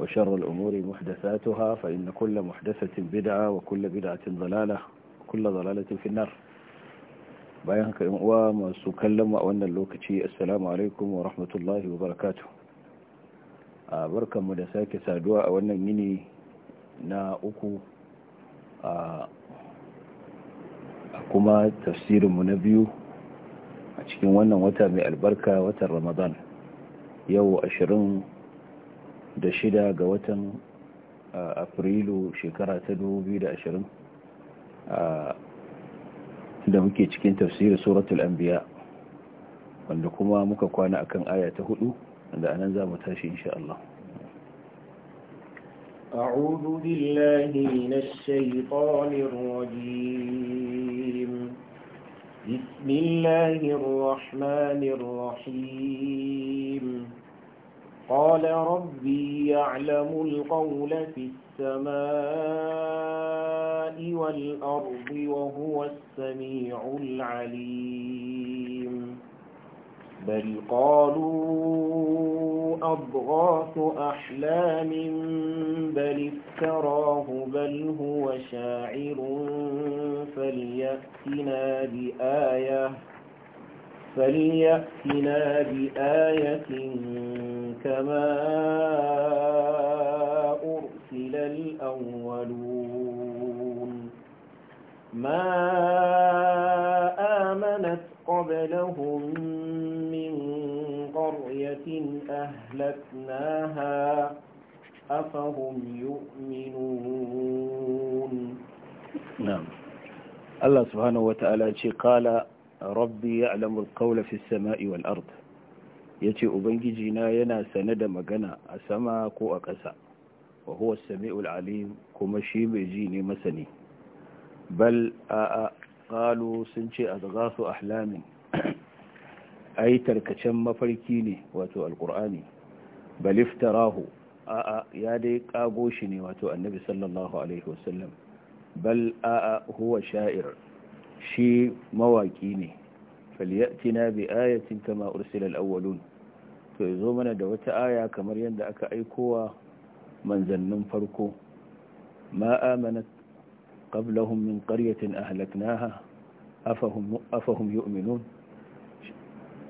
وشر الأمور محدثاتها فإن كل محدثة بدعة وكل بدعة ضلالة وكل ضلالة في النار bayan haka yan uwa masu kallon a wannan lokaci assalamu alaikum wa rahmatullahi wa barakatu a barkanmu da sake saduwa a wannan yini na uku a kuma tafsirinmu na biyu a cikin wannan wata mai albarka watan ramadan yau ashirin da shida ga watan afrilu shekara ta 2020 da da muke cikin tafsirin suratul anbiya wanda kuma muka kwana akan aya ta hudu da anan za mu tashi insha Allah أعوذ بالله من الشيطان الرجيم بسم الله الرحمن الرحيم قال ربي يعلم القول في السماء والأرض وهو السميع العليم بل قالوا أضغاث أحلام بل افتراه بل هو شاعر فليأتنا بآيه فليأتنا بآية كما أرسل الأولون ما آمنت قبلهم من قرية أهلكناها أفهم يؤمنون نعم الله سبحانه وتعالى قال rabbi ya alamun kaula sama'i wal ard ya ce ubangiji na yana sane da magana a sama ko a ƙasa wa huwa sami'ul alim kuma shi mai ji ne masani bal a ƙalu sun ce a zaga su ahlamin ai tarkacen mafarki ne wato alkur'ani baliftarahu a'a ya dai ƙago shi ne wato annabi sallallahu alaihi wasallam bal a'a huwa sha'ir shi mawaki ne falyatina bi ayatin kama ursila al-awwalun to yazo mana da wata aya kamar yadda aka aikowa manzannin farko ma amanat qablahum min qaryatin ahlaknaha afahum afahum yu'minun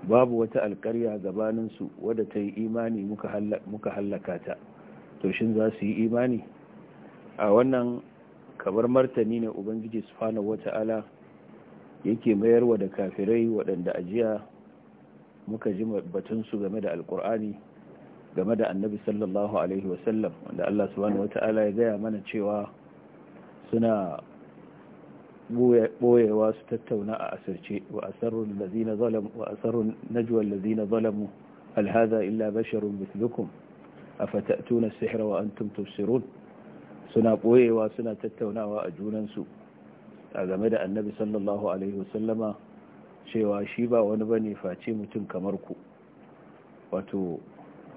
babu wata alƙarya gabanin su wadda imani muka hallaka ta to shin za su yi imani a wannan kamar martani ne ubangiji subhanahu wata'ala yake mayarwa da kafirai waɗanda ajiya muka ji batunsu game da alkur'ani game da annabi sallallahu alaihi wasallam wanda Allah subhanahu wata'ala ya gaya mana cewa suna ɓoyewa su tattauna a asirce wa asarun lazina zalamu wa asarun najwa lazina zalamu hal illa basharun mithlukum afatatuna sihra wa antum suna ɓoyewa suna tattaunawa a junansu a game da annabi sallallahu alaihi wasallama cewa shi ba wani bane face mutum kamar ku wato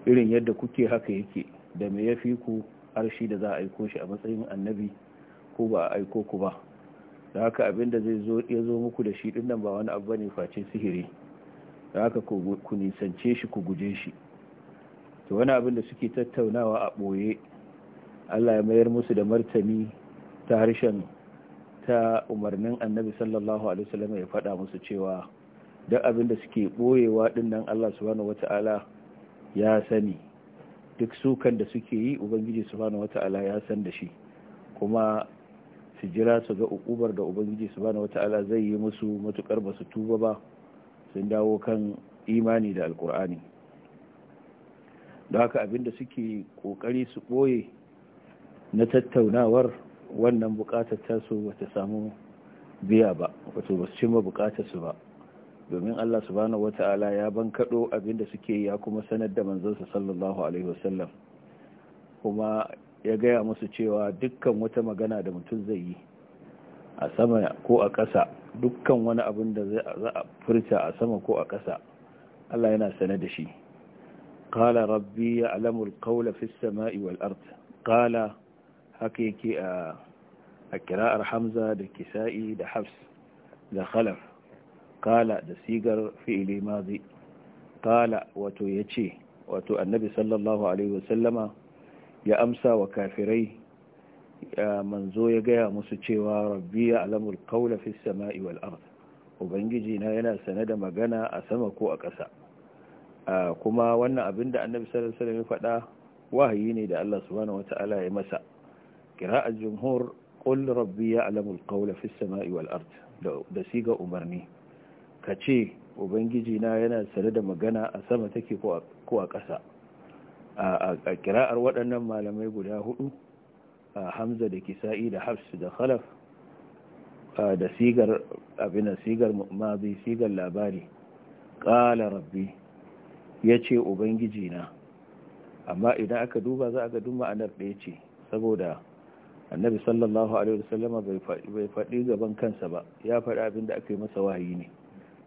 irin yadda kuke haka yake da me ya ku arshi da za a aiko shi a matsayin annabi ko ba a aiko ku ba da haka abinda da zai ya zo muku da shi dinnan ba wani abu bane face sihiri da haka ku nisance shi ku guje shi to wani abin da suke tattaunawa a ɓoye allah ya mayar musu da martani ta harshen ta umarnin annabi sallallahu alaihi wasallam ya faɗa musu cewa duk abin da suke boyewa din nan Allah subhanahu wata'ala ya sani duk sukan da suke yi ubangiji subhanahu wata'ala ya san da shi kuma su jira su ga ukubar da ubangiji subhanahu wata'ala zai yi musu matukar ba su tuba ba sun dawo kan imani da alkur'ani da haka abin da suke kokari su boye na tattaunawar wannan bukatar tasu bata samu biya ba wato ba su cimma bukatar su ba domin Allah subhanahu wata'ala ya ban bankado abinda suke ya kuma sanar da sa sallallahu alaihi wasallam kuma ya gaya musu cewa dukkan wata magana da mutum zai yi a sama ko a ƙasa dukkan wani abin da za a furta a sama ko a ƙasa Allah yana sane da shi qala rabbi ya'lamu al-qawla fis samai wal ard qala haka yake a a kira'ar hamza da kisa'i da hafs da khalaf kala da sigar fi'ili mazi kala wato ya ce wato annabi sallallahu alaihi wasallama ya amsa wa kafirai manzo ya gaya musu cewa rabbi ya alamul kaula fi sama'i wal ard ubangiji na yana sane da magana a sama ko a ƙasa kuma wannan abin da annabi sallallahu alaihi wasallam ya faɗa wahayi ne da Allah subhanahu wata'ala ya masa قراءة الجمهور قل ربي يعلم القول في السماء da sigar umarni ka ce ubangiji na yana sare da magana a sama take ko a ƙasa a kira'ar waɗannan malamai guda huɗu, a hamza da kisa'i da hafs da khalaf da sigar abin labari ƙala rabbi ya ce ubangiji na amma idan aka duba za a ga duk ma'anar ɗaya ce saboda annabi sallallahu alaihi wasallama bai faɗi gaban kansa ba ya faɗi abinda aka yi masa wahayi ne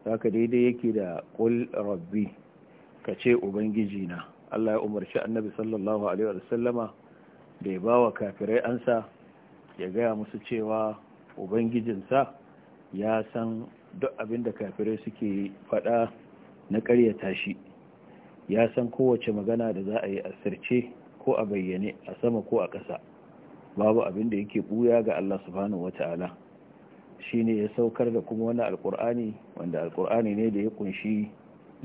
haka daidai yake da qul rabbi ka ce ubangiji na Allah ya umarci annabi sallallahu alaihi wasallama da ya bawa kafirai ansa ya gaya musu cewa ubangijinsa ya san duk abinda da kafirai suke faɗa na ƙaryata shi ya san kowace magana da za a yi a sirce ko a bayyane a sama ko a ƙasa babu abin da yake buya ga Allah subhanahu wata'ala shine ya saukar da kuma wani alkur'ani wanda alkur'ani ne da ya kunshi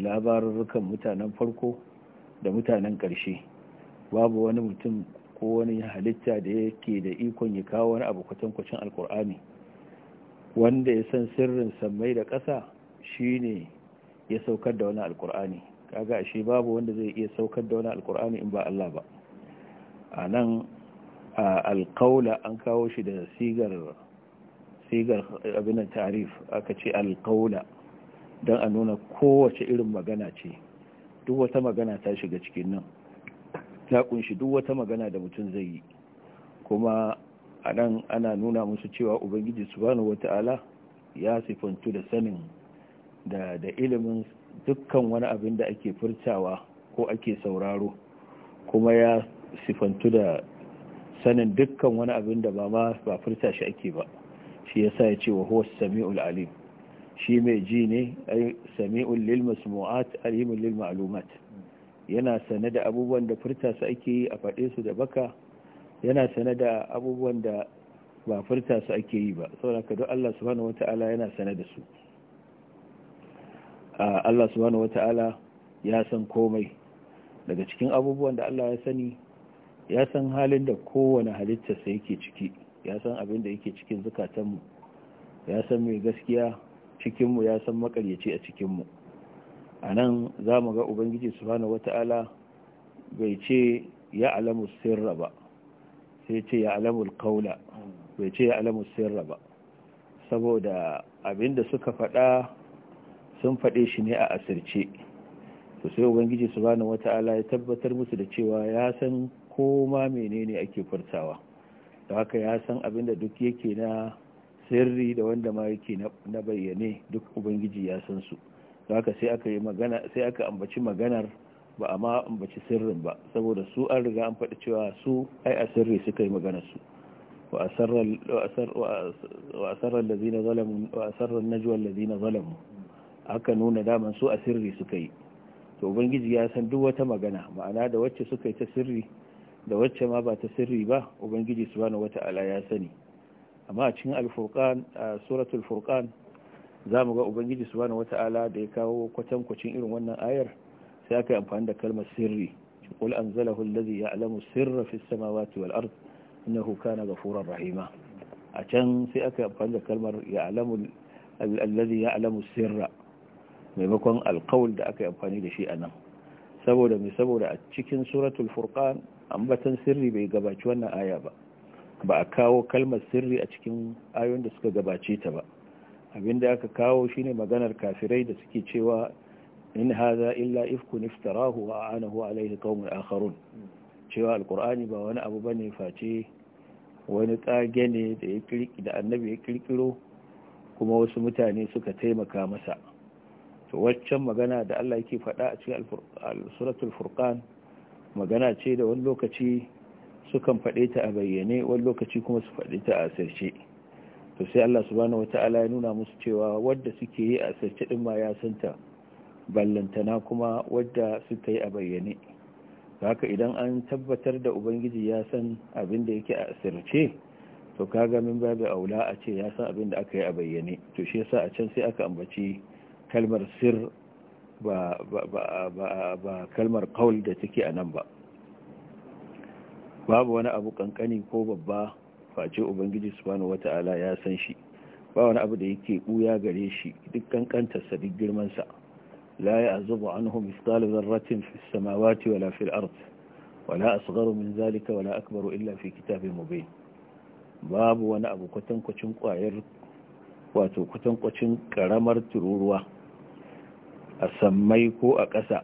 labarurrukan mutanen farko da mutanen ƙarshe babu wani mutum ko wani halitta da yake da ikon ya kawo wani abu kwacin alkur'ani wanda ya san sirrin sammai da ƙasa shine ya saukar da wani alkur'ani kaga ashe babu wanda zai iya saukar da wani alkur'ani in ba Allah ba a nan alƙaula an kawo shi da sigar sigar abinan tarif aka ce alƙaula don a nuna kowace irin magana ce duk wata magana ta shiga cikin nan ta kunshi duk wata magana da mutum zai yi kuma a nan ana nuna musu cewa ubangiji wata wata'ala ya sifantu da sanin da da ilimin dukkan wani abin da ake furtawa ko ake sauraro kuma ya sifantu da sanin dukkan wani abin da ba ma ba furta shi ake ba shi ya sa ya ce wa huwa sami'ul alim shi mai ji ne sami'ul lil masmu'at alimul lil ma'lumat yana sane da abubuwan da furta su ake yi a faɗe su da baka yana sane da abubuwan da ba furta su ake yi ba saboda ka duk Allah subhanahu wata'ala yana sane da su Allah subhanahu wata'ala ya san komai daga cikin abubuwan da Allah ya sani ya san halin da kowane halitta halittarsa yake ciki ya san abin da yake cikin zukatanmu ya san mai gaskiya cikinmu ya san makaryaci a cikinmu a nan za mu ga ubangiji subhanahu wata'ala bai ce ya alamu sirra ba sai ce ya alamu kaula bai ce ya alamu sirra ba saboda abin da suka faɗa sun faɗe shi ne a asirce to sai ubangiji subhanahu wata'ala ya tabbatar musu da cewa ya san ko ma menene ake furtawa da haka ya san abin da duk yake na sirri da wanda ma yake na bayyane duk ubangiji ya san su da haka sai aka yi magana sai aka ambaci maganar ba a ma ambaci sirrin ba saboda su an riga an faɗi cewa su ai a sirri suka yi maganar su wa وأسر الذين ظلموا وأسر النجوى الذين zalamu aka nuna daman su a sirri suka yi to ubangiji ya san duk wata magana ma'ana da wacce suka yi ta sirri da wacce ma ba ta sirri ba ubangiji wata ala ya sani amma a cikin al-furqan suratul furqan zamu ga ubangiji wata ala da ya kawo kwatankwacin irin wannan ayar sai aka yi amfani da kalmar sirri qul anzalahu alladhi ya'lamu sirra fis samawati wal ard innahu kana ghafurar rahima a can sai aka yi amfani da kalmar ya'lamu alladhi ya'lamu sirra maimakon alqawl da aka yi amfani da shi anan saboda mai saboda a cikin suratul furqan ambatan sirri bai gabaci wannan aya ba ba a kawo kalmar sirri a cikin ayoyin da suka gabace ta ba abinda aka kawo shine maganar kafirai da suke cewa in haza illa ifkun iftarahu wa anahu alaihi qaumun akharun cewa alqur'ani ba wani abu bane face wani tsage ne da ya da annabi ya kirkiro kuma wasu mutane suka taimaka masa to waccan magana da Allah yake faɗa a cikin suratul furqan magana ce da wani lokaci sukan faɗe ta a bayyane wani lokaci kuma su faɗe ta a asirce to sai Allah subhanahu wata'ala ya nuna musu cewa wadda suke yi a asirce din ma ya ta ballantana kuma wadda suka yi a bayyane haka idan an tabbatar da ubangiji ya san abin da yake a asirce to kaga min babu aula a ce ya san abin da aka yi a bayyane to shi yasa a can sai aka ambaci kalmar sir ba kalmar kawul da take a nan ba babu wani abu kankani ko babba face ubangiji subhanahu wata'ala ya san shi ba wani abu da yake buya gare shi duk kankantarsa duk girmansa la ya azubu anhu misqala dharratin fi samawati wala fil ard wala asgharu min zalika wala akbaru illa fi kitabin mubin babu wani abu kwatankwacin kwayar wato kwatankwacin karamar tururuwa a sammai ko a ƙasa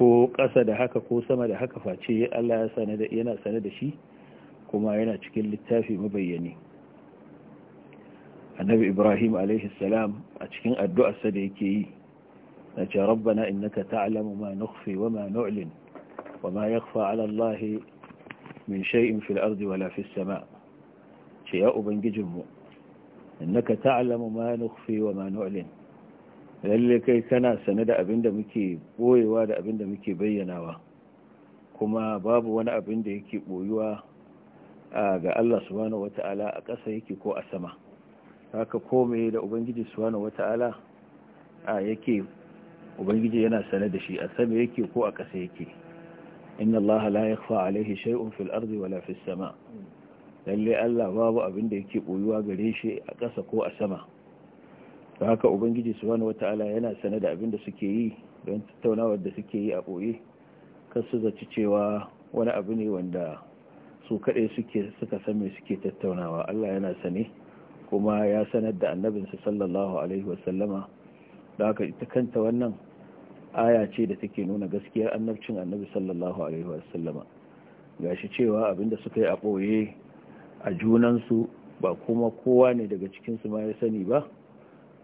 ko ƙasa da haka ko sama da haka face Allah yana sane da shi kuma yana cikin littafi mabayyani annabi ibrahim salam a cikin addu'arsa da yake yi na ce rabbana innaka ta'lamu ma nukhfi wa ma nu'lin wa ma yakhfa 'ala Allah min shay'in fil ardi wala fis sama' ce ya ubangijinmu innaka ta'lamu ma nukhfi wa ma nu'lin lalle kai kana sane da abin da muke boyewa da abin da muke bayyanawa kuma babu wani abin da yake boyuwa ga Allah subhanahu wata'ala a ƙasa yake ko a sama haka kome da ubangiji subhanahu wata'ala yake ubangiji yana sane da shi a sama yake ko a ƙasa yake inna Allah la yakhfa alaihi shay'un fil ardi wala fis sama lalle Allah babu abin da yake boyuwa gare shi a ƙasa ko a sama don haka ubangiji wata wata'ala yana sane da abin da suke yi don tattaunawar da suke yi a ɓoye kan su zaci cewa wani abu ne wanda su kaɗai suke suka san me suke tattaunawa Allah yana sane kuma ya sanar da annabinsa sallallahu alaihi wasallama da haka ita kanta wannan aya ce da take nuna gaskiyar annabcin annabi sallallahu alaihi wasallama gashi cewa abin da suka yi a ɓoye a junansu ba kuma kowa ne daga cikinsu ma ya sani ba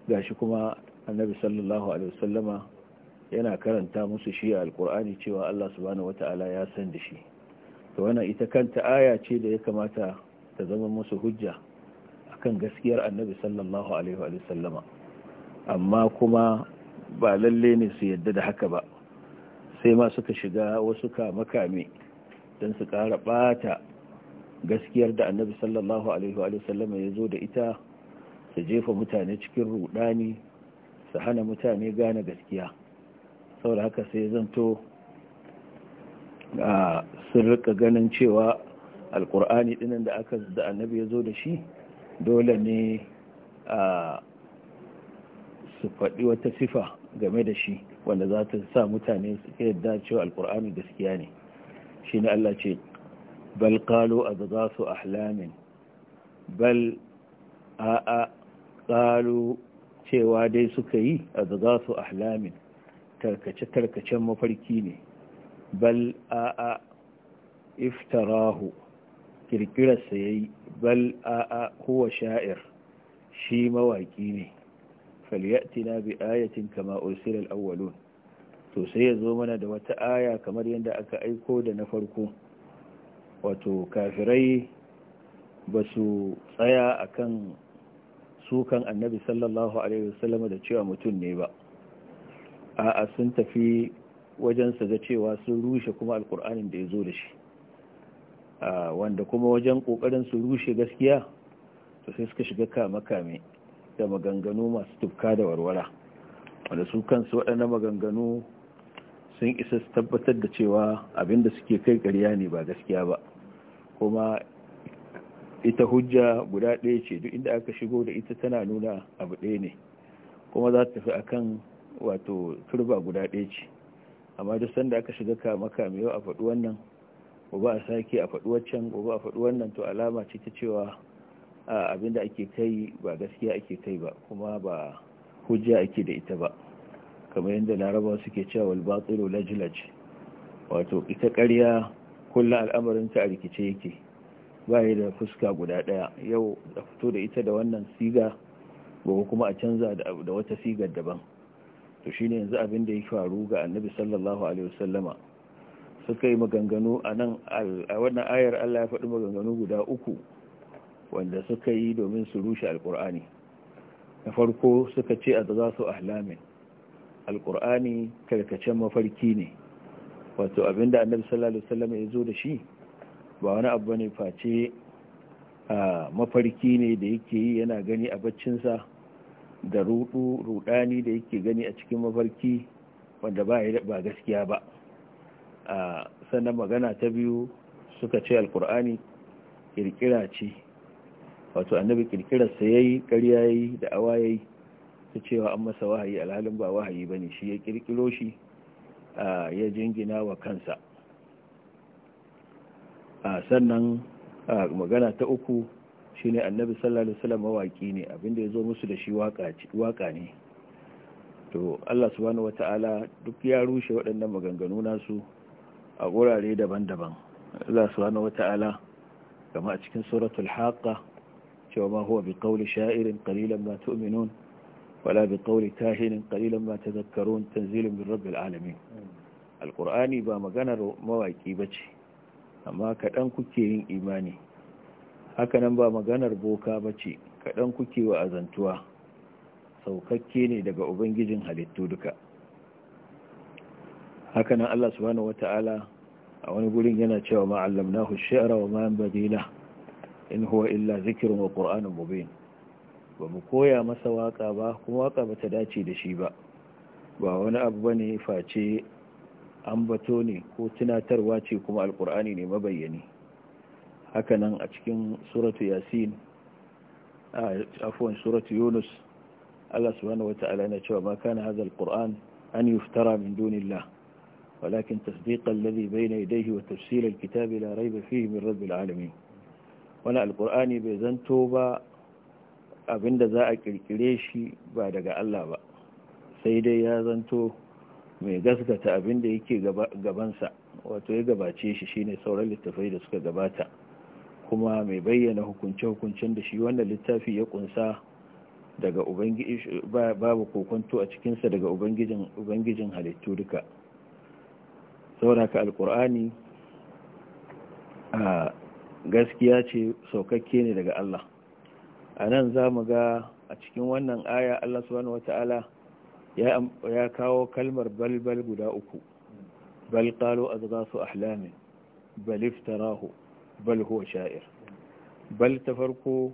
ga shi kuma annabi sallallahu alaihi wasallama yana karanta musu shi a alkur'ani cewa Allah subhanahu wata'ala ya san da shi to wannan ita kanta aya ce da ya kamata ta zama musu hujja akan gaskiyar annabi sallallahu alaihi wasallama amma kuma ba lalle ne su yadda da haka ba sai ma suka shiga wasu kamakame don su ƙara ɓata gaskiyar da annabi sallallahu alaihi wasallama ya zo da ita su jefa mutane cikin rudani su hana mutane gane gaskiya saboda haka sai zanto a ah, sun rika ganin cewa alkur'ani dinan da aka da annabi ya zo da shi dole ne a ah, su faɗi wata sifa game da shi wanda za ta sa mutane suke yadda cewa alkur'ani gaskiya ne shi ne Allah ce bal kalo a zaga su ahlamin bal a'a ƙalu cewa dai suka yi a zaga su ahlamin tarkace-tarkacen mafarki ne bal a'a iftarahu kirkirarsa ya yi bal a'a kowa sha'ir shi mawaƙi ne falyatina bi ayatin kama ursilal awwalun to sai ya zo mana da wata aya kamar yadda aka aiko da na farko wato kafirai ba su tsaya akan sukan annabi sallallahu alaihi wasallam da cewa mutum ne ba a'a sun tafi wajensa da cewa sun rushe kuma alkur'anin da ya zo da shi wanda kuma wajen kokarin su rushe gaskiya to sai suka shiga kame-kame da maganganu masu tufka da warwara wanda su kansu waɗannan maganganu sun isa tabbatar da cewa abinda suke kai ƙarya ne ba gaskiya ba kuma ita hujja guda ɗaya ce duk inda aka shigo da ita tana nuna abu ɗaya ne kuma za ta tafi akan wato turba guda ɗaya ce amma duk sanda aka shiga kama kamewa a faɗi wannan gobe a sake a faɗi waccan gobe a faɗi wannan to alama ce ta cewa abinda ake kai ba gaskiya ake kai ba kuma ba hujja ake da ita ba kamar yadda laraba suke cewa wal batilu lajlaj wato ita ƙarya kullum al'amarin ta a rikice yake bayi da fuska guda ɗaya yau a fito da ita da wannan siga gobe kuma a canza da wata sigar daban to shine yanzu abin da ya faru ga annabi sallallahu alaihi wasallama suka yi maganganu a nan a wannan ayar Allah ya faɗi maganganu guda uku wanda suka yi domin su rushe alkur'ani na farko suka ce a za su ahlamin alkur'ani karkacen mafarki ne wato abin da annabi sallallahu alaihi wasallama ya zo da shi ba wani abu bane face a mafarki ne da yake yi yana gani a baccinsa da rudu rudani da yake gani a cikin mafarki wanda ba ya gaskiya ba a sannan magana ta biyu suka ce alkur'ani kirkira ce wato annabi ƙirƙirar sa yayi ƙarya yayi da awa yayi ta cewa an masa wahayi alhalin ba wahayi ba shi ya kirkiro shi ya jingina wa kansa sannan magana ta uku shine annabi sallallahu alaihi wasallam mawaki ne abinda yazo musu da shi waka ne to Allah subhanahu wataala duk ya rushe waɗannan maganganu nasu a gurare daban-daban Allah subhanahu wataala kama a cikin suratul haqa cewa ma huwa biqawli sha'irin qalilan ma tu'minun wala biqawli kahinin qalilan ma tadhakkarun tanzilun min rabbil alamin hmm. alqur'ani ba maganar mawaki bace amma kaɗan kuke yin imani hakanan ba maganar boka ba ce kaɗan kuke wa azantuwa saukakke ne daga ubangijin halittu duka hakanan Allah subhanahu Ta'ala a wani gurin yana cewa ma'allam ma'allamnahu shi'ra wa ma'an badila in huwa illa zikirin wa qur'anun mubin ba mu koya masa waka ba kuma waka bata dace da shi ba ba wani abu bane face ambato ne ko tunatarwa ce kuma alkur'ani ne mabayyani hakanan a cikin suratu yasin a afuwan suratu yunus Allah subhanahu wata'ala na cewa ma kana hadha alquran an yuftara min dunillah walakin tasdiqa alladhi bayna yadayhi wa tafsila alkitabi la rayba fihi min rabbil wani alkur'ani bai zanto ba abinda za a kirkire shi ba daga Allah ba sai dai ya zanto mai gasgata abin da yake gabansa wato ya gabace shi shine sauran littafai da suka gabata kuma mai bayyana hukunce-hukuncen da shi wannan littafi ya kunsa daga babu kokonto a cikinsa daga ubangijin halittu duka sauraka alkur'ani a gaskiya ce saukakke ne daga Allah a nan za mu ga a cikin wannan aya Allah subhanahu wata'ala ya kawo kalmar balbal guda uku bal qalu ahlami ahlamin ta rahu bal huwa sha'ir bal ta farko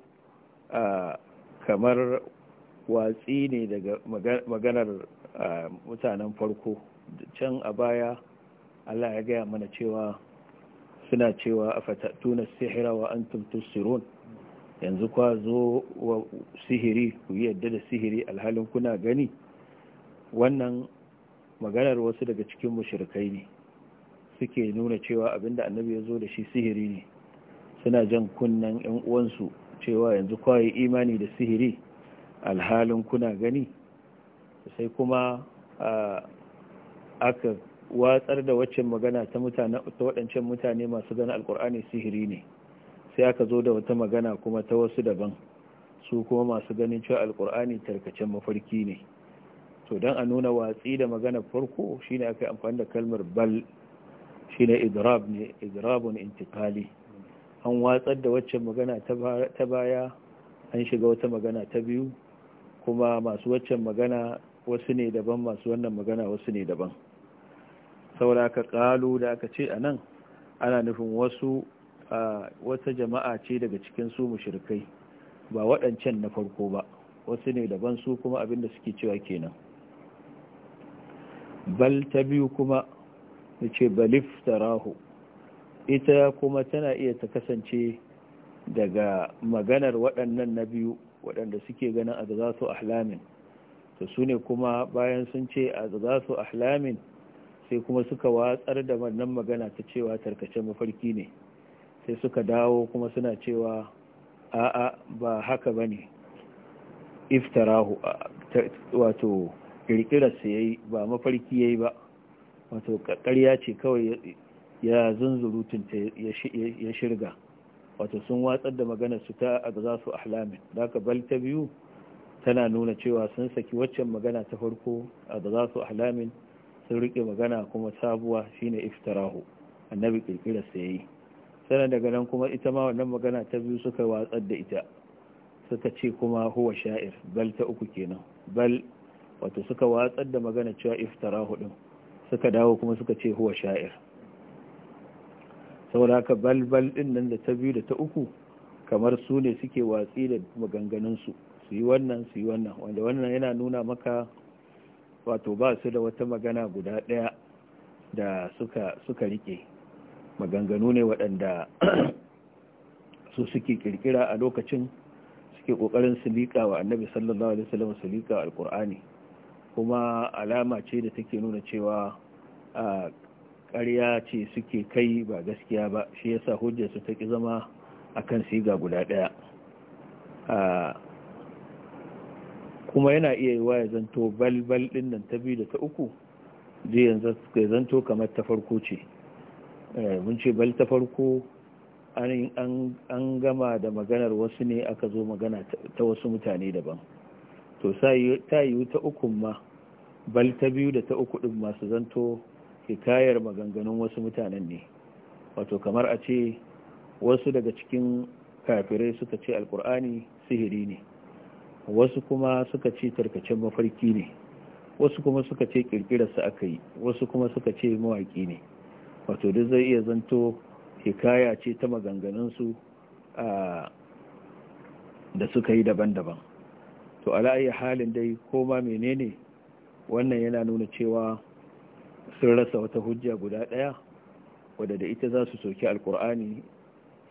kamar watsi ne daga maganar mutanen farko can a baya Allah ya gaya mana cewa suna cewa a fatattunan sihira wa an tumtusirun yanzu kwa zo wa sihiri ku yi yadda da sihiri alhalin kuna gani wannan maganar wasu daga cikin mushrikai ne suke nuna cewa abinda annabi ya zo da shi sihiri ne suna jan kunnen 'yan uwansu cewa yanzu kwaye imani da sihiri alhalin kuna gani sai kuma aka watsar da waccan magana ta waɗancan mutane masu gani alkur'ani sihiri ne sai aka zo da wata magana kuma ta wasu daban su kuma masu ganin cewa alkur'ani tarkacen mafarki ne to don a nuna watsi da magana farko shine aka yi amfani da kalmar bal shine idrab ne idrabun intikali an watsar da waccan magana ta baya an shiga wata magana ta biyu kuma masu waccan magana wasu ne daban masu wannan magana wasu ne daban saboda aka kalu da aka ce a nan ana nufin wasu wata jama'a ce daga cikin su mushrikai ba waɗancan na farko ba wasu ne daban su kuma abinda suke cewa kenan bal ta biyu kuma da ce balif rahu ita kuma tana iya ta kasance daga maganar waɗannan na biyu waɗanda suke ganin a za su ahlamin to su ne kuma bayan sun ce a za su ahlamin sai kuma suka watsar da wannan magana ta cewa tarkace mafarki ne sai suka dawo kuma suna cewa a'a ba haka ba ne iftarahu wato kirkirarsa ya yi ba mafarki ya yi ba wato ƙarya ce kawai ya ta ya shirga wato sun watsar da maganar su ta za su ahlamin da ka bal ta biyu tana nuna cewa sun saki waccan magana ta farko a za su ahlamin sun rike magana kuma sabuwa shine iftarahu annabi kirkirar ya yi sana daga nan kuma ita ma wannan magana ta biyu suka watsar da ita suka ce kuma huwa sha'ir bal ta uku kenan bal wato suka watsar da magana cewa iftara hudu suka dawo kuma suka ce huwa sha'ir saboda haka balbal din nan da ta biyu da ta uku kamar su ne suke watsi da maganganunsu su yi wannan su yi wannan wanda wannan yana nuna maka wato ba su da wata magana guda ɗaya da suka suka rike maganganu ne waɗanda su suke kirkira a lokacin suke ƙoƙarin su liƙa wa annabi sallallahu alaihi wasallam su liƙa alƙur'ani kuma alama ce da take nuna cewa a ƙarya ce suke kai ba gaskiya ba shi yasa hujjarsu ta ƙi zama kan siga guda ɗaya kuma yana iya yi wa ya zanto balbal ɗin nan ta biyu da ta uku zai yanzu ya zanto kamar ta farko ce mun ce bal ta farko an gama da maganar wasu ne aka zo magana ta wasu mutane daban to ta yiwu ta ukun ma bal ta biyu da ta uku ɗin masu zanto hikayar maganganun wasu mutanen ne wato kamar a ce wasu daga cikin kafirai suka ce alkur'ani sihiri ne wasu kuma suka ce tarkacen mafarki ne wasu kuma suka ce kirkirarsa aka yi wasu kuma suka ce mawaƙi ne wato duk zai iya zanto hikaya ce ta maganganunsu ah, da suka yi daban-daban to ala'ayi halin dai ko ma menene wannan yana nuna cewa sun rasa wata hujja guda ɗaya wadda da ita za su soki alkur'ani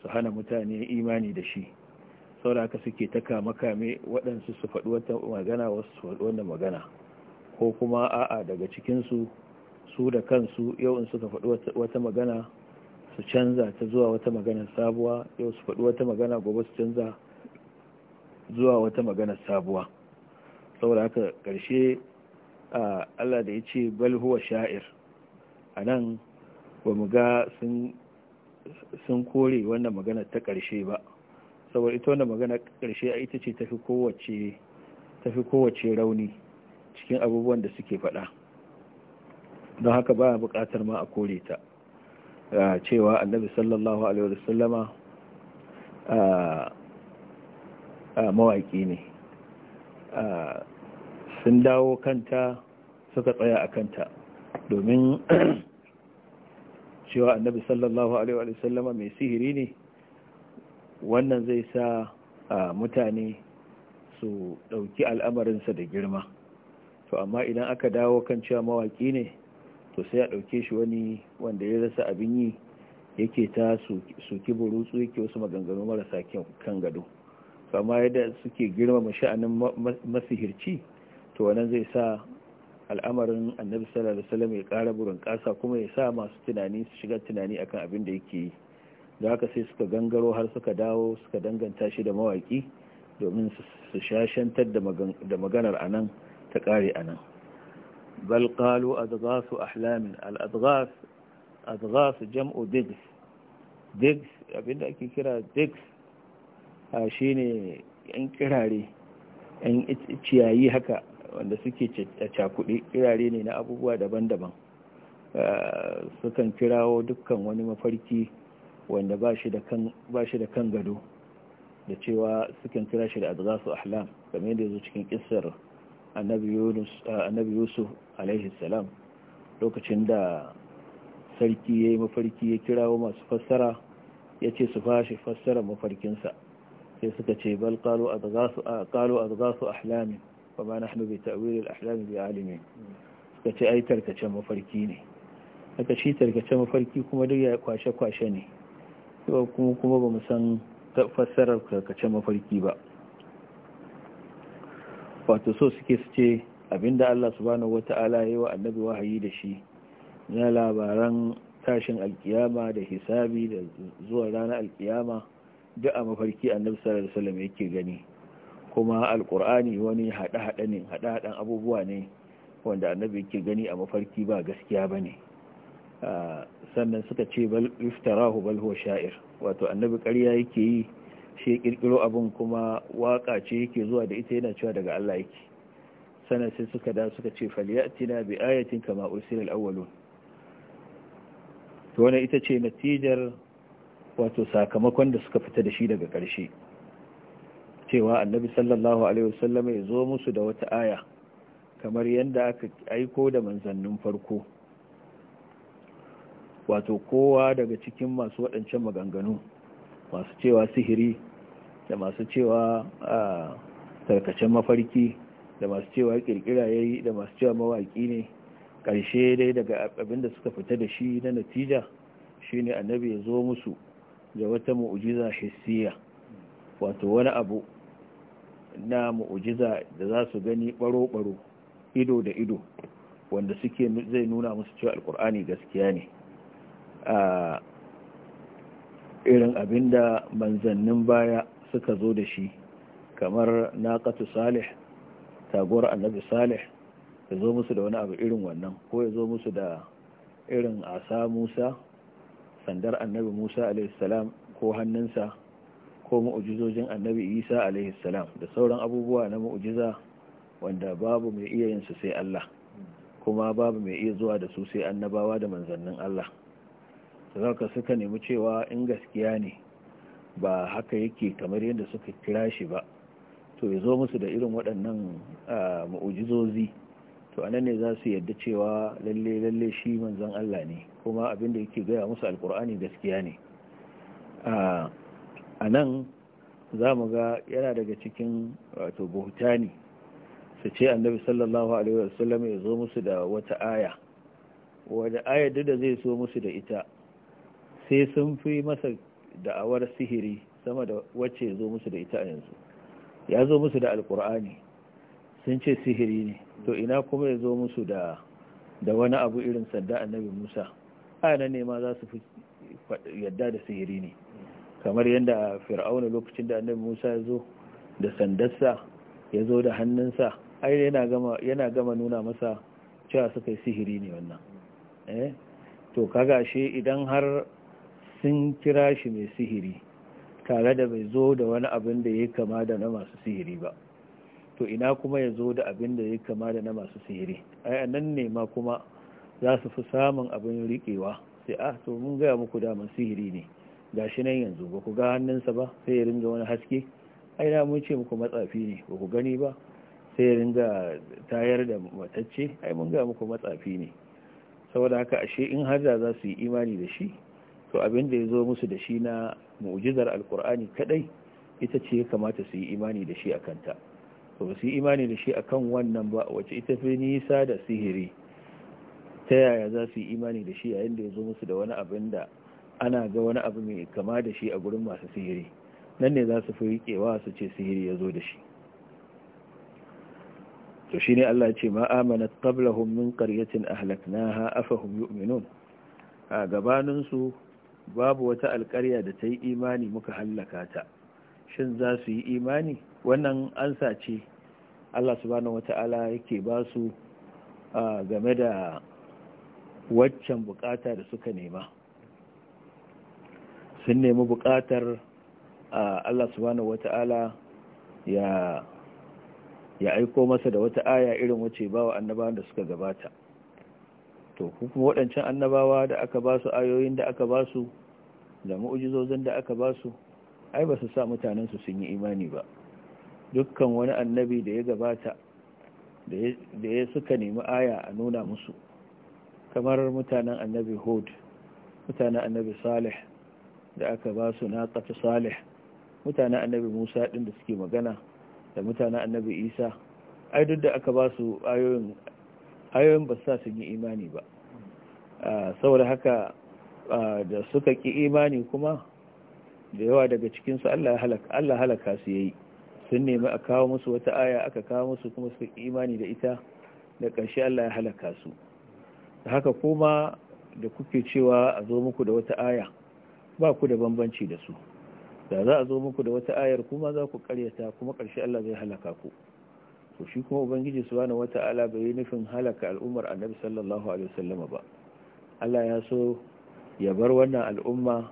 su hana mutane imani da shi sauraka suke ta kame waɗansu su faɗi wata magana wasu su faɗi wanda magana ko kuma a'a daga cikinsu su da kansu yau in suka faɗi wata magana su canza ta zuwa wata magana sabuwa yau su faɗi wata magana gobe su canza zuwa wata magana sabuwa saboda haka ƙarshe Allah da ya ce bal huwa sha'ir a nan ba mu ga sun kore wannan magana ta ƙarshe ba saboda ita wannan magana ƙarshe a ita ce tafi kowace rauni cikin abubuwan da suke faɗa don haka ba buƙatar ma a kore ta cewa annabi sallallahu alaihi wasallama mawaƙi ne sun dawo kanta suka tsaya a kanta domin cewa annabi sallallahu alaihi wa sallama mai sihiri ne wannan zai sa mutane su ɗauki al'amarinsa da girma to amma idan aka dawo kan cewa mawaƙi ne to sai a ɗauke shi wani wanda ya rasa abin yi yake ta suki burutsu yake wasu maganganu marasa kan gado kama yadda suke girmama sha'anin masihirci to wannan zai sa al'amarin annabi sallallahu alaihi wasallam ya ƙara burin ƙasa kuma ya sa masu tunani su shiga tunani akan abin da yake yi da haka sai suka gangaro har suka dawo suka danganta shi da mawaki domin su shashantar da maganar anan ta ƙare anan bal qalu adghasu ahlamin al adghas adghas jam'u digs digs abinda ake kira digs shi ne yan kirare yan ciyayi haka wanda suke cakuɗi kirare ne na abubuwa daban-daban sukan kirawo dukkan wani mafarki wanda ba shi da kan gado da cewa sukan kira shi da azgasu ahlam kamar yadda zuwa cikin kisar annabi yusuf alaihi salam lokacin da sarki ya yi mafarki ya kirawo masu fassara ya ce su fashi fassara mafarkinsa sai suka ce bal kalo a za su ahlami ba ma na hannu bai al ahlam bai alimi suka ce ai tarkace mafarki ne aka shi tarkace mafarki kuma duk ya kwashe kwashe ne kuma kuma ba san fassarar tarkace mafarki ba wato so suke su ce abinda Allah subhanahu wata'ala yi wa annabi wahayi da shi na labaran tashin alkiyama da hisabi da zuwa ranar alkiyama duk a mafarki annabi sallallahu alaihi wasallam yake gani kuma alkur'ani wani hada-hada ne hada-hadan abubuwa ne wanda annabi yake gani a mafarki ba gaskiya ba ne ah, sannan suka ce bal iftarahu bal huwa sha'ir wato annabi ƙarya yake yi shi kirkiro abin kuma waka ce yake zuwa da ita yana cewa daga Allah yake sannan sai suka da suka ce falyatina bi ayatin kama ursila al-awwalun to wannan ita ce natijar wato sakamakon da suka fita da shi daga ƙarshe cewa annabi sallallahu alaihi wasallam ya zo musu da wata aya kamar yadda aka aiko da manzannin farko wato kowa daga cikin masu waɗancan maganganu masu cewa sihiri da masu cewa tarkacen mafarki da masu cewa kirkira ya yi da masu cewa mawaƙi ne ƙarshe dai daga abinda suka fita da shi na natija shine annabi ya zo musu da wata mu'ujiza hissiya wato wani abu na mu'ujiza da za su gani baro-baro ido da ido wanda suke zai nuna musu cewa alkur'ani gaskiya ne a irin abin da manzannin baya suka zo da shi kamar na naqatu salih taguwar annabi salih ya zo musu da wani abu irin wannan ko ya zo musu da irin asa musa sandar annabi musa salam ko hannunsa ko mu'ujizojin annabi isa salam da sauran abubuwa na ma'ujiza wanda babu mai iya yin su sai allah kuma babu mai iya zuwa da su sai annabawa da manzannin allah zaka suka nemi cewa in gaskiya ne ba haka yake kamar yadda suka kira shi ba to ya zo musu da irin waɗannan ah, mu'ujizozi to anan ne za su yadda cewa lalle lalle shi manzon Allah ne kuma abin da yake gaya musu alkur'ani gaskiya ne a nan za mu ga yana daga cikin wato buhutani su ce annabi sallallahu alaihi wasallam ya zo musu da wata aya wadda aya da zai zo musu da ita sai sun fi masa da'awar sihiri sama da wacce ya zo musu da ita a yanzu ya zo musu da alkur'ani sun ce sihiri ne to ina kuma ya zo musu da wani abu irin sadda annabi musa ana ne ma za su fi yadda da sihiri ne kamar yadda fir'auna lokacin da annabi musa ya zo da sandarsa ya zo da hannunsa ai yana gama nuna masa cewa suka yi sihiri ne wannan eh? to kaga shi idan har sun kira shi mai sihiri tare da bai zo da wani abin da ya kama da na masu sihiri ba to ina kuma ya zo da abin da ya kama da na masu sihiri ai nan ne ma kuma za su fi samun abin riƙewa sai a ah, to mun gaya muku masu sihiri ne Ga shi nan yanzu ba ku ga hannunsa ba sai ya ringa wani haske ai na mun ce muku matsafi ne ba ku gani ba sai ya ringa tayar da matacce ai mun gaya muku matsafi ne saboda haka ashe in har da za su yi imani da shi to abin da ya zo musu da shi na mu'jizar alkur'ani kadai ita ce ya kamata su yi imani da shi a kanta to ba su imani da shi akan wannan ba wace ita fi nisa da sihiri ta yaya za su imani da shi yayin da ya zo musu da wani abin da ana ga wani abu mai kama da shi a gurin masu sihiri nan ne za su fi riƙewa su ce sihiri ya zo da shi to shi ne Allah ce ma amanat qablahum min qaryatin ahlaknaha afahum yu'minun a gabanin su babu wata alƙarya da ta yi imani muka hallaka ta shin za su yi imani wannan ansa ce Allah subhanahu wata'ala yake ba su game da waccan bukata da suka nema sun nemi bukatar Allah subhanahu wata'ala ya ya aiko masa da wata aya irin wace bawa annabawan da suka gabata to kuma waɗancan annabawa da aka ba su ayoyin da aka ba su da mu'ujizozin da aka ba su ai ba su sa mutanen su sun yi imani ba dukkan wani annabi da ya gabata da ya suka nemi aya a nuna musu kamar mutanen annabi hud mutanen annabi salih da aka ba su na naqatu salih mutanen annabi musa ɗin da suke magana da mutanen annabi isa ai duk da aka ba su ayoyin ba sa sun yi imani ba saboda haka da suka ki imani kuma da yawa daga cikinsu allah halaka su yayi sun nemi a kawo musu wata aya aka kawo musu kuma suka imani da ita da ƙarshe Allah ya halaka su da haka kuma da kuke cewa a zo muku da wata aya ba ku da bambanci da su da za a zo muku da wata ayar kuma za ku karyata kuma ƙarshe Allah zai halaka ku to shi kuma ubangiji subhanahu wata'ala bai yi nufin halaka al'ummar annabi sallallahu alaihi wasallama ba Allah ya so ya bar wannan al'umma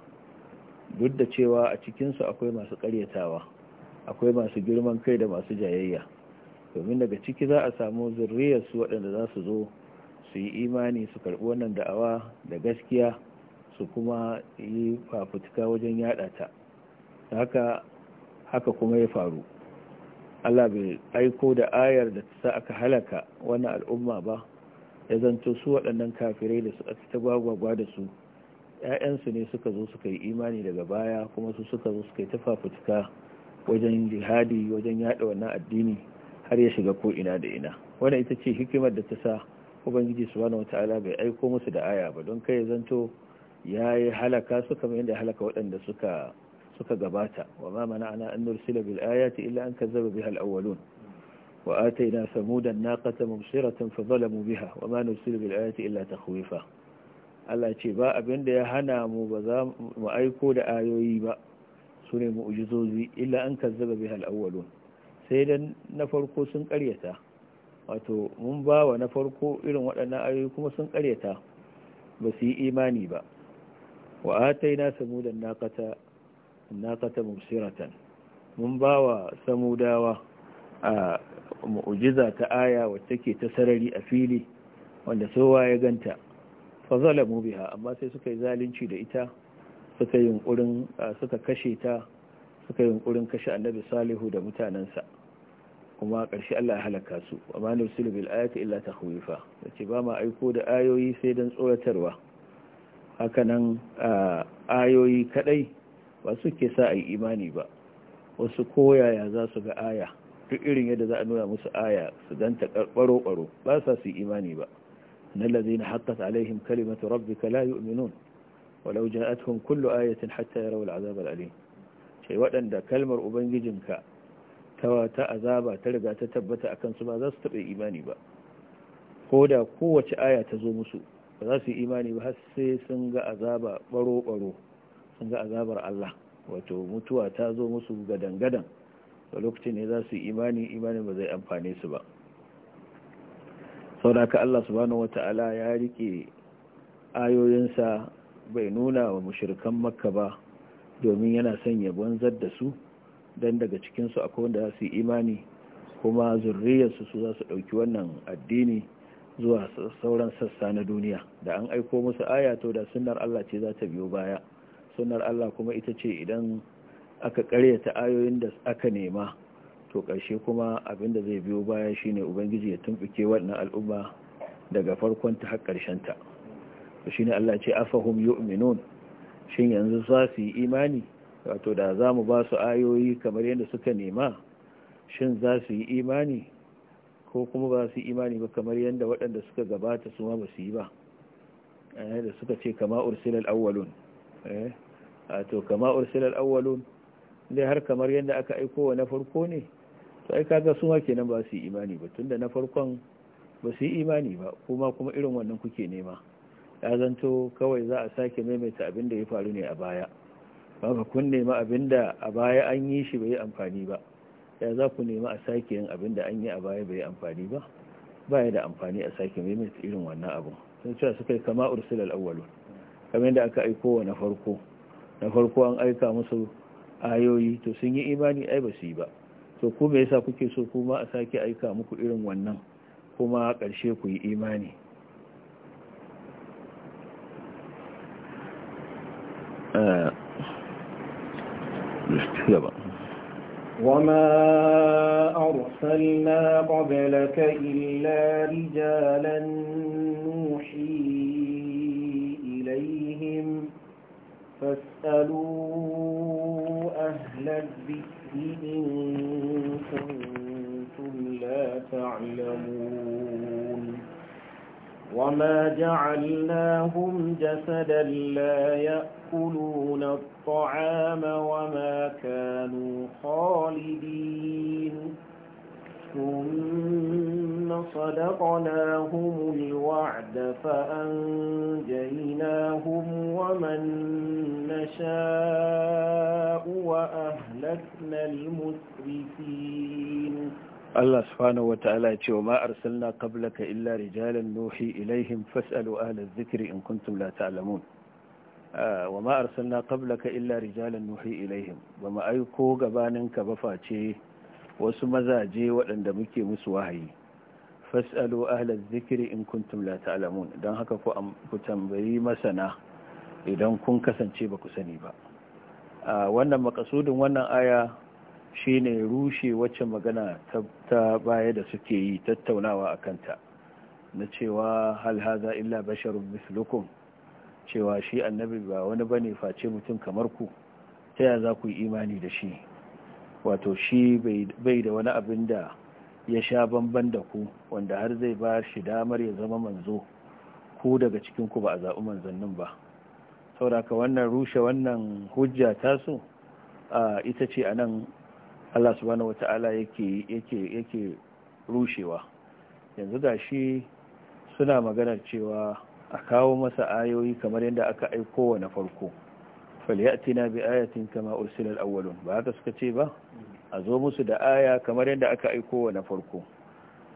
duk da cewa a cikin su akwai masu karyatawa akwai masu girman kai da masu jayayya domin daga ciki za a samu zurriyarsu waɗanda za su zo su yi imani su karɓi wannan da'awa da gaskiya su kuma yi fafutuka wajen yada ta haka haka kuma ya faru Allah bai aiko da ayar da ta sa aka halaka wannan al'umma ba ya zanto su waɗannan kafirai da suka ta gwagwagwa da su ‘ya'yansu ne suka zo suka yi imani daga baya kuma su suka zo suka yi ta fafutuka wajen jihadi wajen yada wannan addini har ya shiga ko ina da ina wannan ita ce hikimar da ta sa ubangiji subhanahu wataala bai aiko musu da aya ba don kai zanto ya yi halaka su kamar yadda halaka waɗanda suka suka gabata wa ma ana an nursila bil ayati illa an kazzaba biha al awwalun wa atayna samuda naqata mubsiratan fa zalamu biha wa ma nursila bil ayati illa takhwifa Allah ce ba abin da ya hana mu ba za mu aiko da ayoyi ba su ne mu'ujizozi illa an kazzaba bihal awwalun sai dan na farko sun karyata wato mun ba wa na farko irin waɗannan ayoyi kuma sun karyata ba su yi imani ba wa ataina samudan naqata naqata mubsiratan mun ba wa samudawa a mu'ujiza ta aya wacce ke ta sarari a fili wanda sowa ya ganta fa zalamu biha amma sai suka yi zalunci da ita suka yunkurin ah, suka kashe ta suka yunkurin kashe annabi salihu da mutanensa kuma ƙarshe Allah ya halaka su amma ne usul bil ayati illa takhwifa yace ba ma aiko da ayoyi sai dan tsoratarwa hakanan ah, ayoyi kadai ba su ke sa ai imani ba wasu koyaya za su ga aya duk irin yadda za a nuna musu aya su danta karbaro karo ba sa su imani ba nalazina lazina haqqat alaihim kalimatu rabbika la yu'minun walau ja'atuhum kullu ayatin hatta yarawu al'azab al'alim sai waɗanda kalmar ubangijinka ta wata azaba ta riga ta tabbata akan su ba za su taɓa imani ba ko da kowace aya ta zo musu ba za su yi imani ba har sai sun ga azaba baro-baro sun ga azabar Allah wato mutuwa ta zo musu gadan-gadan lokacin ne za su yi imani imanin ba zai amfane su ba sau da haka Allah subhanahu ya rike ayoyinsa bai nuna wa mushirikan makka ba domin yana son ya wanzar da su don daga cikinsu akwai wanda za su yi imani kuma zurriyarsu su za su ɗauki wannan addini zuwa sauran sassa na duniya da an aiko musu aya to da sunar Allah ce za ta biyo baya sunar Allah kuma ita ce idan aka karyata ayoyin da aka nema to ƙarshe kuma abin da zai biyo baya shine ubangiji ya tumɓuke wannan al'umma daga farkon ta har ƙarshen ta shi ne Allah ce afahum yu'minun shin yanzu za su yi imani wato da za mu ba su ayoyi kamar yadda suka nema shin za su yi imani ko kuma ba su yi imani ba kamar yadda waɗanda suka gabata su ma ba su yi ba eh, da suka ce kama ursilal awwalun eh, a kama ursilal awwalun dai har kamar yadda aka aiko wa na farko ne to ai kaga su ma kenan ba su yi imani ba tunda na farkon ba su yi imani ba kuma kuma irin wannan kuke nema ya zanto kawai za a sake maimaita abin da ya faru ne a baya ba kun nemi abin da a baya an yi shi bai yi amfani ba ya za ku nemi a sake yin abin da an yi a baya bai amfani ba ba ya da amfani a sake maimaita irin wannan abu sun cewa suka yi kama ursul al'awwalu kamar da aka aiko wa na farko na farko an aika musu ayoyi to sun yi imani ai ba su yi ba to ku me yasa kuke so kuma a sake aika muku irin wannan kuma ƙarshe ku yi imani آه. وما أرسلنا قبلك إلا رجالا نوحي إليهم فاسألوا أهل الذكر إن كنتم لا تعلمون وما جعلناهم جسدا لا يأكلون الطعام وما كانوا خالدين ثم صدقناهم الوعد فأنجيناهم ومن نشاء وأهلكنا المسرفين Allah subhanahu wa Ta'ala ce wa ma arsalna qablaka illa rijalan nuhi ilaihim fas'alu ahla zikiri in kuntum la ta'lamun ah, wa ma arsalna qablaka illa rijalan nuhi ilaihim ba ma aiko gabanin ka ba face wasu mazaje waɗanda muke musu wahayi fas'alu ahla zikiri in kuntum la ta'lamun don haka ku ku tambayi masana idan kun kasance ba ku sani ba ah, wannan makasudin wannan aya shine rushe wacce magana ta baya da suke yi tattaunawa a kanta na cewa halhaza illa basharun mislukun. cewa shi annabi ba wani bane face mutum kamar ku ta ya za ku yi imani da shi wato shi bai da wani abin da ya sha bamban da ku wanda har zai ba shi damar ya zama manzo ku daga cikin ku ba a zaɓi manzannin ba ka wannan rushe wannan hujja a ita ce a nan Allah subhanahu wata'ala yake rushewa yanzu gashi suna maganar cewa a kawo masa ayoyi kamar yadda aka aiko wa na farko na bi ayatin kama ursular awalun ba haka suka ce ba a zo musu da aya kamar yadda aka aiko wa farko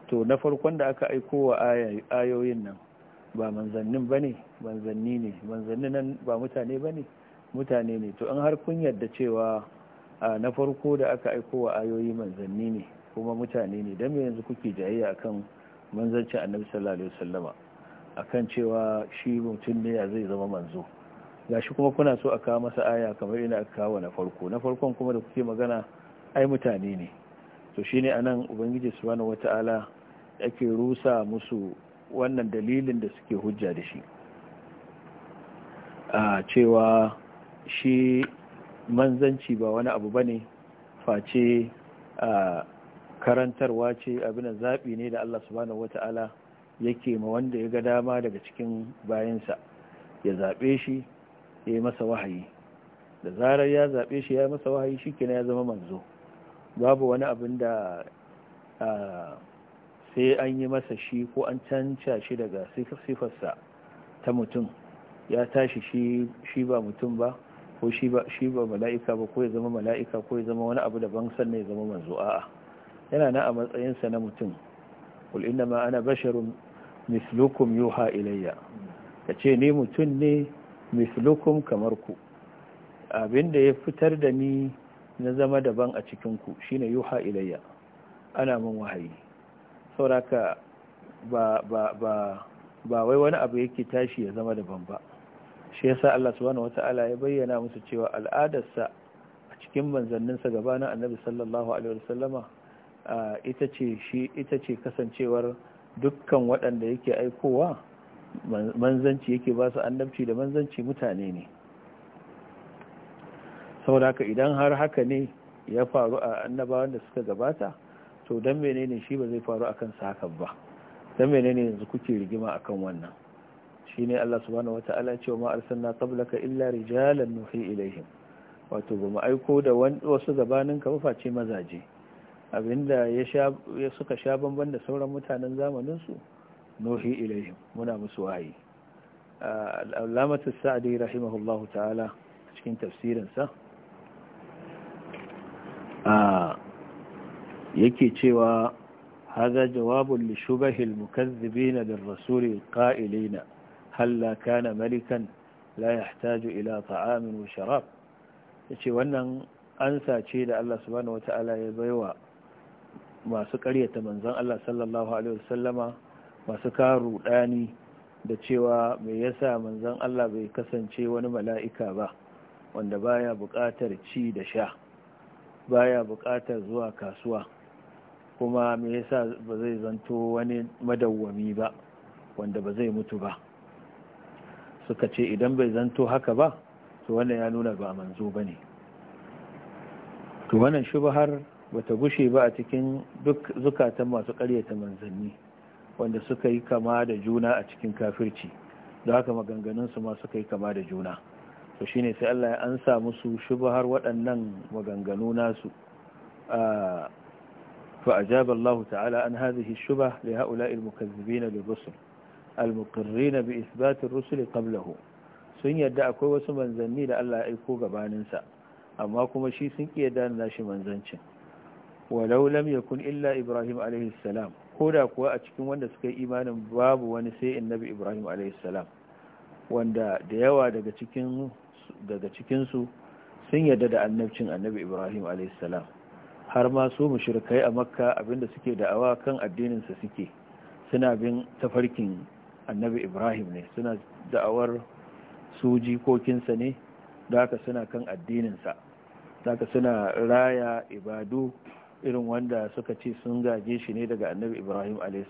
to na farkon da aka aiko wa ayoyin nan ba manzannin ne manzanni ne manzanni nan ba mutane ba ne mutane ne to an har kun yadda cewa na farko da aka aiko wa ayoyi manzanni ne kuma mutane ne don me yanzu kuke jayayya akan manzancin annabi sallallahu alaihi wasallama akan cewa shi mutum ne ya zai zama manzo gashi kuma kuna so a kawo masa aya kamar ina aka kawo na farko na farkon kuma da kuke magana ai mutane ne to shine anan ubangiji subhanahu wataala yake rusa musu wannan dalilin da suke hujja da shi a cewa shi manzanci ba wani abu bane face karantarwa ce abin da zaɓi ne da Allah subhanahu wata'ala yake ma wanda ya ga dama daga cikin bayansa ya zaɓe shi ya yi masa wahayi da zarar ya zaɓe shi ya yi masa wahayi shi kina ya zama manzo babu wani abin da sai an yi masa shi ko an canca shi daga sifarsa ta mutum ya tashi shi ba mutum ba ko shi ba shi ba mala'ika ba ko ya zama mala'ika ko ya zama wani abu daban sannan ya zama manzo a'a yana na a matsayin sa na mutum kul inna ma ana basharun mislukum yuha ilayya kace ni mutum ne mislukum kamar ku abinda ya fitar da ni na zama daban a cikin ku shine yuha ilayya ana min wahayi sauraka ba ba ba ba wai wani abu yake tashi ya zama daban ba shi yasa Allah subhanahu wata'ala ya bayyana musu cewa al'adarsa a cikin manzanninsa gabanin annabi sallallahu alaihi wasallama ita ce kasancewar dukkan waɗanda yake aikowa manzanci yake ba su annabci da manzanci mutane ne saboda haka idan har haka ne ya faru a annabawan da suka gabata to don menene shi ba zai faru akan sa hakan ba don menene yanzu kuke rigima akan wannan shi ne Allah subhanahu wata'ala cewa ma kabla ka illa rijalan nuhi ilaihim wato ba mu aiko da wasu gabanin ka ce mazaje abinda ya suka sha bamban da sauran mutanen zamanin su nuhi ilaihim muna musu wayi. al-allamatu sa'di rahimahullahu ta'ala cikin tafsirin sa yake cewa haza هذا جواب لشبه المكذبين للرسول القائلين kalla kana malikan la yahtaju ila ta'amin wa sharab yace wannan ansa ce da Allah subhanahu wata'ala ya baiwa masu ƙaryata manzon Allah sallallahu alaihi wasallama masu karu dani da cewa me yasa manzon Allah bai kasance wani mala'ika ba wanda baya buƙatar ci da sha baya buƙatar zuwa kasuwa kuma me yasa ba zai zanto wani madawwami ba wanda ba zai mutu ba suka ce idan bai zanto haka ba to wannan ya nuna ba manzo ba ne to wannan shubahar ba ta gushe ba a cikin duk zukatan masu karyata manzanni wanda suka yi kama da juna a cikin kafirci da haka maganganunsu ma suka yi kama da juna to shine sai Allah ya ansa musu shubahar waɗannan maganganu nasu فأجاب الله تعالى عن هذه الشبه لهؤلاء المكذبين للرسل al-muqirrin bi isbat qablahu sun yadda akwai wasu manzanni da Allah ya aiko gabanin amma kuma shi sun ki yadda na shi manzancin walau lam yakun illa ibrahim alaihi salam da kuwa a cikin wanda suka yi imanin babu wani sai annabi ibrahim alaihi salam wanda da yawa daga cikin daga cikin su sun yadda da annabcin annabi ibrahim alaihi salam har ma su mushrikai a makka abinda suke da'awa kan addininsa suke suna bin tafarkin annabi ibrahim ne suna da'awar su jikokinsa ne da haka suna kan addininsa da haka suna raya ibadu irin wanda suka ce sun gaje shi ne daga annabi ibrahim a.s.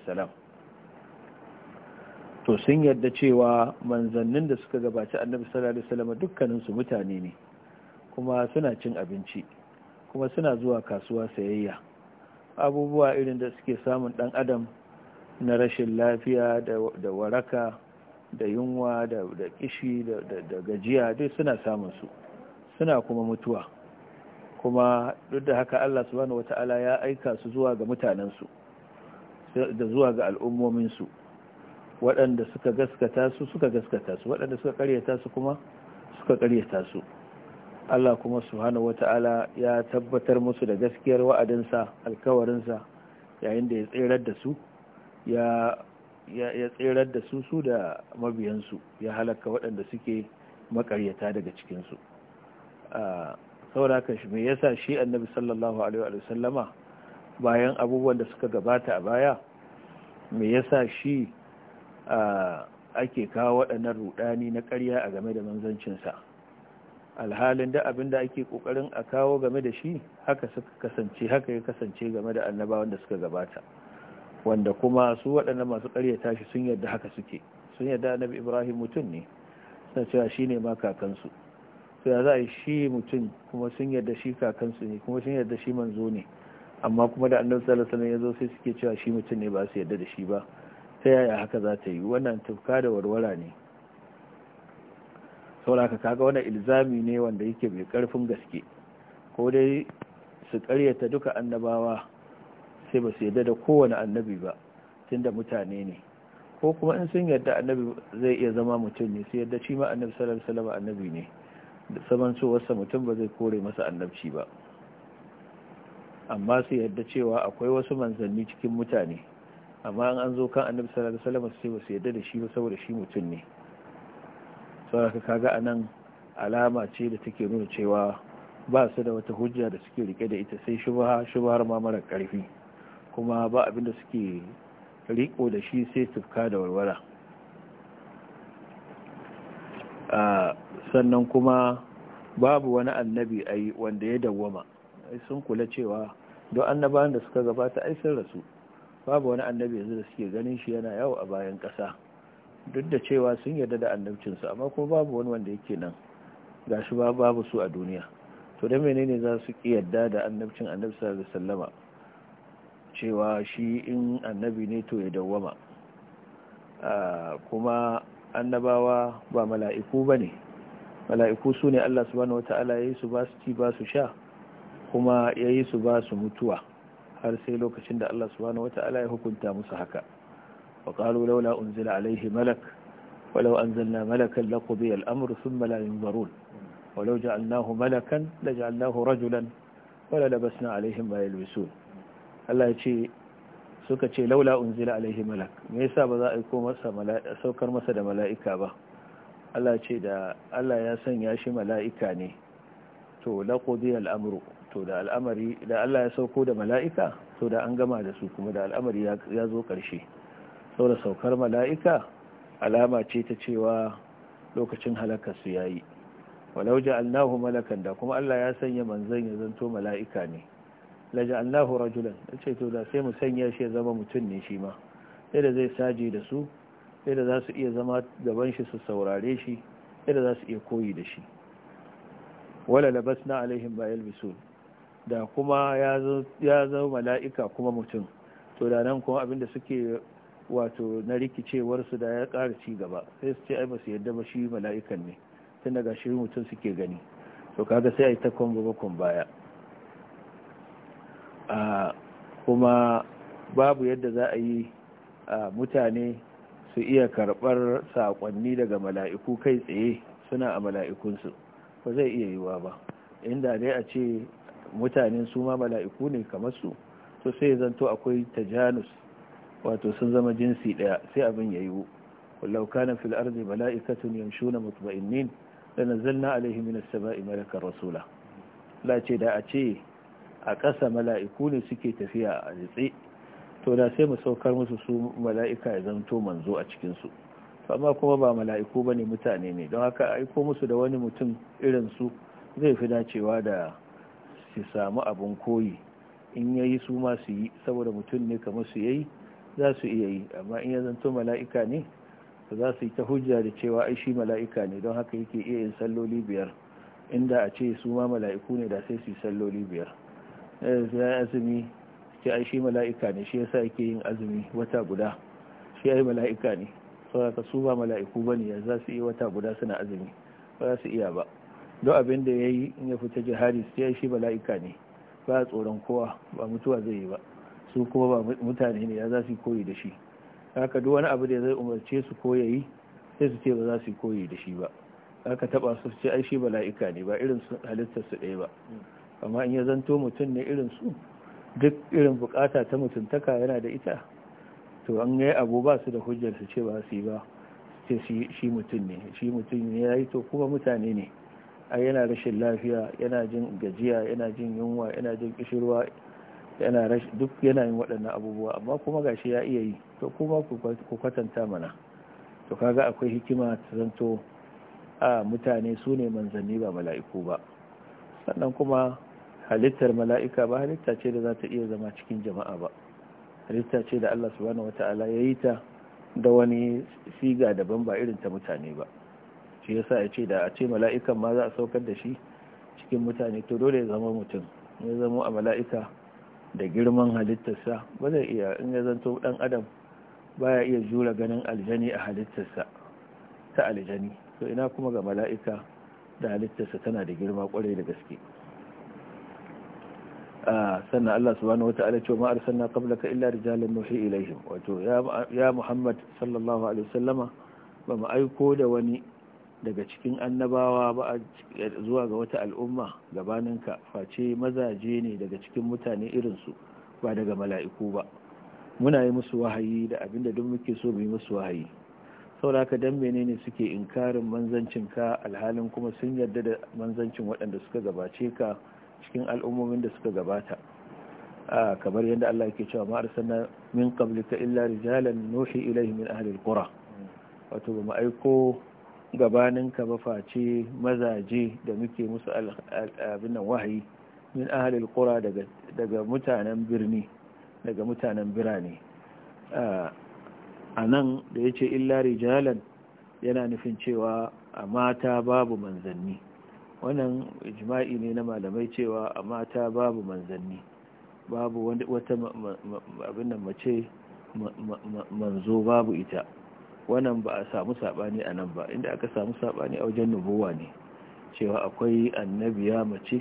to sun yarda cewa manzannin da suka gabaci annabi sallallahu alaihi dukkaninsu mutane ne kuma suna cin abinci kuma suna zuwa kasuwa sayayya abubuwa irin da suke samun dan adam na rashin lafiya da waraka da yunwa da kishi da gajiya duk suna samun su suna kuma mutuwa kuma duk da haka Allah subhanahu wata'ala ya aika su zuwa ga mutanensu da zuwa ga al'ummominsu waɗanda suka gaskata su suka gaskata su waɗanda suka karyata su kuma suka karyata su Allah kuma subhanahu wata'ala ya tabbatar musu da gaskiyar wa'adinsa alkawarinsa yayin da ya tserar da su ya tserar da su su da mabiyansu ya halaka waɗanda suke makaryata daga cikinsu ah, sauraka shi mai yasa shi annabi sallallahu alaihi wa bayan abubuwan da suka gabata a baya mai yasa shi ah, ake kawo waɗannan rudani na ƙarya a game da manzancinsa alhalin da abin da ake ƙoƙarin a kawo game da shi haka suka kasance haka ya kasance game da annabawan da suka gabata wanda kuma su waɗanda masu ƙarya shi sun yarda haka suke sun yarda annabi ibrahim mutum ne suna cewa shi ne ma kakansu su ya za a yi shi mutum kuma sun yarda shi kakansu ne kuma sun yarda shi manzo ne amma kuma da annabi sallallahu alaihi ya zo sai suke cewa shi mutum ne ba su yarda da shi ba ta yaya haka za ta yi wannan tufka da warwara ne haka kaga wannan ilzami ne wanda yake mai karfin gaske ko dai su karyata duka annabawa sai ba su yarda da kowane annabi ba tunda mutane ne ko kuma in sun yarda annabi zai iya zama mutum ne su yarda shi ma annabi sallallahu salama annabi ne da saman wasa mutum ba zai kore masa annabci ba amma su yarda cewa akwai wasu manzanni cikin mutane amma in an zo kan annabi sallallahu salama sai ba su yarda da shi ba saboda shi mutum ne saboda kaga anan alama ce da take nuna cewa ba su da wata hujja da suke rike da ita sai shubaha shubahar ma mara karfi kuma ba abin da suke riko da shi sai tufka da warwara sannan kuma babu wani annabi ai wanda ya dawwama sun kula cewa don annabawan da suka gabata ai sun rasu babu wani annabi yanzu da suke ganin shi yana yawo a bayan ƙasa duk da cewa sun yarda da annabcinsu amma kuma babu wani wanda yake nan gashi ba babu su a duniya to don menene za su yarda da annabcin annabi sallallahu alaihi wasallama cewa shi in annabi ne to ya dawwama ah, kuma annabawa ba mala'iku ba ne mala'iku su ne Allah subhanahu wata'ala ya yi su ba su ci ba su sha kuma ya yi su ba su mutuwa har sai lokacin da Allah subhanahu wata'ala ya hukunta musu haka wa qalu laula unzila alaihi malak walau anzalna malakan laqubi al-amru thumma la yunzarun walau ja'alnahu malakan laj'alnahu rajulan wala labasna alaihim ma yalbisun Allah ya ce suka ce laula unzila alaihi malak me yasa ba za a iko masa saukar masa da mala'ika ba Allah ce da Allah ya sanya shi mala'ika ne to laqudi al'amru to da al'amari da Allah ya sauko da mala'ika to da an gama da su kuma da al'amari ya zo karshe saboda saukar mala'ika alama ce ta cewa lokacin halakar su yayi walau ja'alnahu malakan da kuma Allah ya sanya manzon ya zanto mala'ika ne la rajulan yace to da sai mu sanya shi ya zama mutum ne shi ma yadda zai saje da su yadda za su iya zama gaban shi su saurare shi yadda za su iya koyi da shi wala labasna alaihim ba yalbisun da kuma ya zo mala'ika kuma mutum to da nan kuma abinda suke wato na rikicewarsu da ya ƙara ci gaba sai su ce ai basu yadda ba shi mala'ikan ne tun daga shi mutum suke gani to kaga sai a yi ta baya kuma babu yadda za a yi mutane su iya karɓar saƙonni daga mala'iku kai tsaye suna a mala'ikunsu ba zai iya yiwa ba inda dai a ce mutanen su ma mala'iku ne kamar su to sai zanto akwai Janus wato sun zama jinsi ɗaya sai abin ya yiwu wallau kana fil ardi mala'ikatun yamshuna mutma'innin da nazzalna alaihim min as-sama'i rasula la ce da a ce a ƙasa mala'iku ne suke tafiya a nitse to da sai mu saukar musu su mala'ika ya zanto manzo a cikinsu amma kuma ba mala'iku ba ne mutane ne don haka aiko musu da wani mutum irin su zai fi dacewa da su samu abin koyi in ya yi su ma su yi saboda mutum ne kamar su yi za su iya yi amma in ya zanto mala'ika ne za su yi ta hujja da cewa ai shi mala'ika ne don haka yake iya yin salloli biyar inda a ce su ma mala'iku ne da sai su yi salloli biyar sai eh, azumi ce ai shi mala'ika ne shi yasa yake yin azumi wata guda shi ai mala'ika ne saboda su ba mala'iku bane ya za su yi wata guda suna azumi ba za su iya ba duk abin da yayi in ya fita jihari sai shi mala'ika ne ba tsoron kowa ba mutuwa zai yi ba su kuma ba mutane ne ya za su koyi da shi haka duk wani abu da zai umarce su yayi sai su ce ba za su koyi da shi ba haka taba su ce ai shi mala'ika ne ba irin halittar su ɗaya ba amma in ya zanto mutum ne irin su duk irin bukata ta mutuntaka yana da ita to an yi abu ba su da hujjar su ce ba su yi ba ce shi mutum ne shi mutum ne ya yi to kuma mutane ne ai yana rashin lafiya yana jin gajiya yana jin yunwa yana jin kishirwa duk yana yin waɗannan abubuwa amma kuma gashi ya iya yi to kuma ku kwatanta mana to kaga akwai hikima ta zanto a mutane su ne manzanni ba mala'iku ba sannan kuma halittar mala'ika ba halitta ce da za ta iya zama cikin jama'a ba halitta ce da Allah subhanahu wata'ala ya yi ta da wani siga daban ba irin ta mutane ba shi yasa ya ce da a ce mala'ikan ma za a saukar da shi cikin mutane to dole ya zama mutum ya zama a mala'ika da girman halittarsa ba zai iya in ya zanto dan adam baya iya jura ganin aljani a halittarsa ta aljani to ina kuma ga mala'ika da halittarsa tana da girma kwarai da gaske sannan Allah subhanahu wa ce ma arsalna qablaka illa rijalan nuhi ilaihim wato ya Muhammad sallallahu alaihi wasallama ba mu aiko da wani daga cikin annabawa ba zuwa ga wata al'umma gabaninka face mazaje ne daga cikin mutane irinsu ba daga mala'iku ba muna yi musu wahayi da abinda duk muke so mu yi musu wahayi don dan ne suke inkarin manzancin ka alhalin kuma sun yarda da manzancin waɗanda suka gabace ka cikin al'ummomin da suka gabata kamar yadda Allah yake cewa ma arsalna min qablika illa rijalan nuhi ilai min ahli alqura wato ba mu aiko gabanin ka ba face mazaje da muke musu abin nan wahayi min ahli alqura daga daga mutanen birni daga mutanen birane a nan da yace illa rijalan yana nufin cewa a mata babu manzanni wannan ijma'i ne na malamai cewa a mata babu manzanni babu wata abin mace manzo babu ita wannan ba a samu sabani a nan ba inda aka samu sabani a wajen nubuwa ne cewa akwai annabiya mace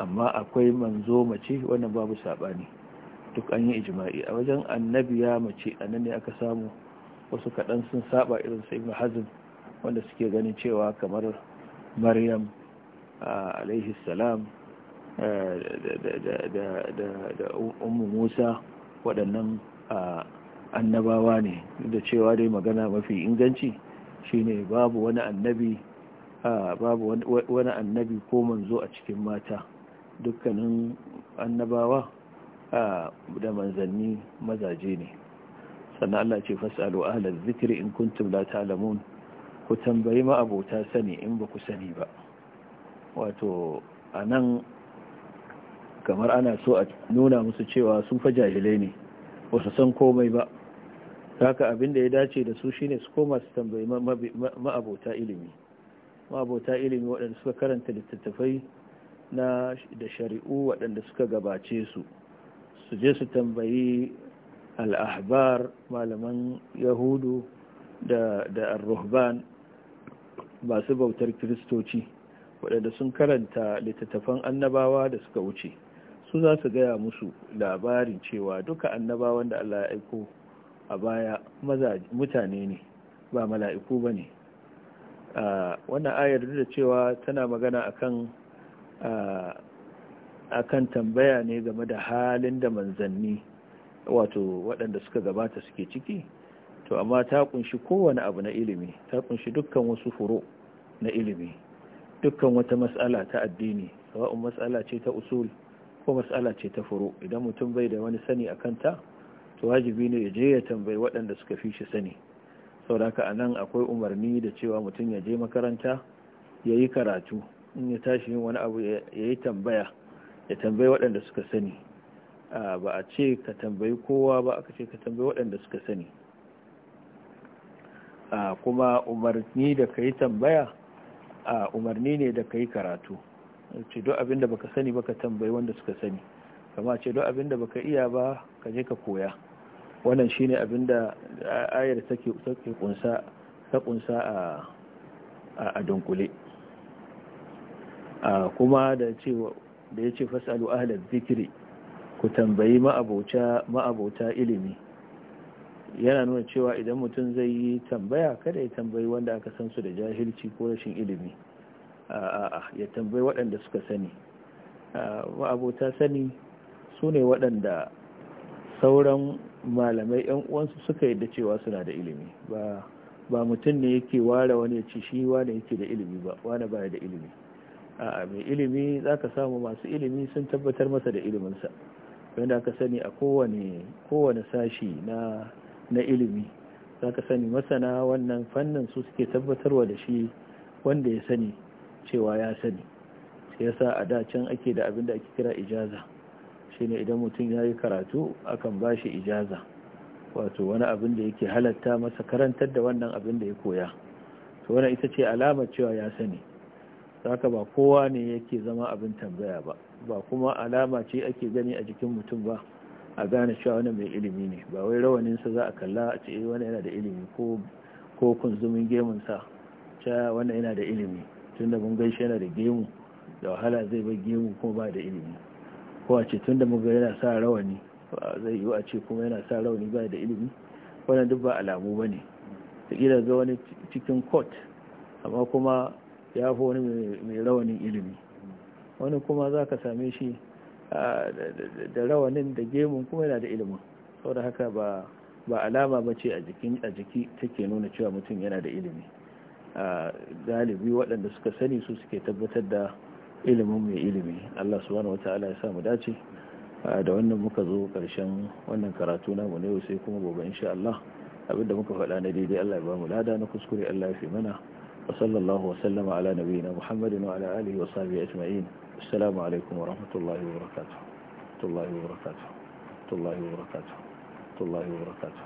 amma akwai manzo mace wannan babu sabani duk an yi ijma'i a wajen annabiya mace a nan ne aka samu wasu kaɗan sun saba irin sai mahazin wanda suke ganin cewa kamar maryam عليه salam da ام musa waɗannan annabawa ne da cewa dai magana mafi inganci shine babu wani annabi babu wani annabi ko manzo a cikin mata dukkanin annabawa da manzanni mazaje ne sannan Allah ce fasalu ahlal zikri in kuntum la ta'lamun ku tambayi ma'abota sani in ba ku sani ba wato a nan kamar ana so a nuna musu cewa sun fa jahilai ne ba su san komai ba haka abin da ya dace da su shine su koma su tambayi ma'abota ilimi ma'abota ilimi waɗanda suka karanta littattafai na da shari'u waɗanda suka gabace su su je su tambayi al'ahbar malaman yahudu da al-ruhban masu bautar kiristoci waɗanda sun karanta littattafan annabawa da suka wuce su za su gaya musu labarin cewa duka annabawan da Allah ya aiko a baya mutane ne ba mala'iku ba ne wannan ayar da cewa tana magana a kan tambaya ne game da halin da manzanni wato waɗanda suka gabata suke ciki to amma ta kunshi kowane abu na ilimi ta kunshi dukkan wasu furo na ilimi dukkan wata matsala ta addini sawa'un matsala ce ta usul ko matsala ce ta furo idan mutum bai da wani sani a kanta to wajibi ne ya je ya tambayi waɗanda suka fi shi sani sauraka anan akwai umarni da cewa mutum ya je makaranta ya yi karatu in ya tashi yin wani abu ya yi tambaya ya tambayi waɗanda suka sani ah, ba a ce ka tambayi kowa ba aka ce ka tambayi waɗanda suka sani kuma umarni da ka yi tambaya a umarni ne da ka yi karatu ce duk abin da baka sani baka tambayi wanda suka sani kama ce duk abin da baka iya ba ka je ka koya wannan shine abin da ayar take ta kunsa a a dunkule kuma da ya da yace fasalu ahlaz zikiri ku tambayi ma abota ilimi yana nuna cewa idan mutum zai yi tambaya kada ya tambayi wanda aka san su da jahilci ko rashin ilimi ya tambayi waɗanda suka sani abota sani su ne waɗanda sauran malamai 'yan uwansu suka yadda cewa suna da ilimi ba mutum ne yake ware wani ci shi wane yake da ilimi ba wane baya da ilimi a mai ilimi za ka samu masu ilimi sun tabbatar masa da iliminsa wanda aka sani a kowane sashi na na ilimi za ka sani masana wannan fannin su suke tabbatarwa da shi wanda ya sani cewa ya sani sai yasa a dacin ake da abin da ake kira ijaza shine idan mutum ya yi karatu akan ba shi ijaza wato wani abin da yake halatta masa karantar da wannan abin da ya koya to wannan ita ce alamar cewa ya sani ka ba kowa ne yake zama abin tambaya ba ba kuma alama ce ake gani a jikin mutum ba a gane cewa wani mai ilimi ne ba wai rawaninsa za a kalla a ce eh, wani yana da ilimi ko kunzumin gemunsa ta wani yana da ilimi tun da mun gaishe yana da gemu da wahala zai ba gemu ko ba da ilimi ko a ce tun da ga yana sa rawani zai yi a ce kuma yana sa rawani ba da ilimi wannan duk ba alamu ba ne ta ga wani cikin kot amma kuma ya fi wani mai rawanin ilimi wani kuma za ka same shi da rawanin da gemun kuma yana da ilimin saboda haka ba alama ba ce a jiki take nuna cewa mutum yana da ilimi galibi waɗanda suka sani su suke tabbatar da ilimin mai ilimi Allah subhanahu ala ya samu dace da wannan muka zo ƙarshen wannan karatu na mu ne sai kuma gobe insha Allah da muka faɗa na daidai Allah ya ba mu lada na kuskure Allah ya fi mana wa sallallahu wa sallama ala nabiyyina Muhammadin wa ala alihi wa sahbihi ajma'in السلام عليكم ورحمة الله وبركاته ورحمة الله وبركاته الله وبركاته الله وبركاته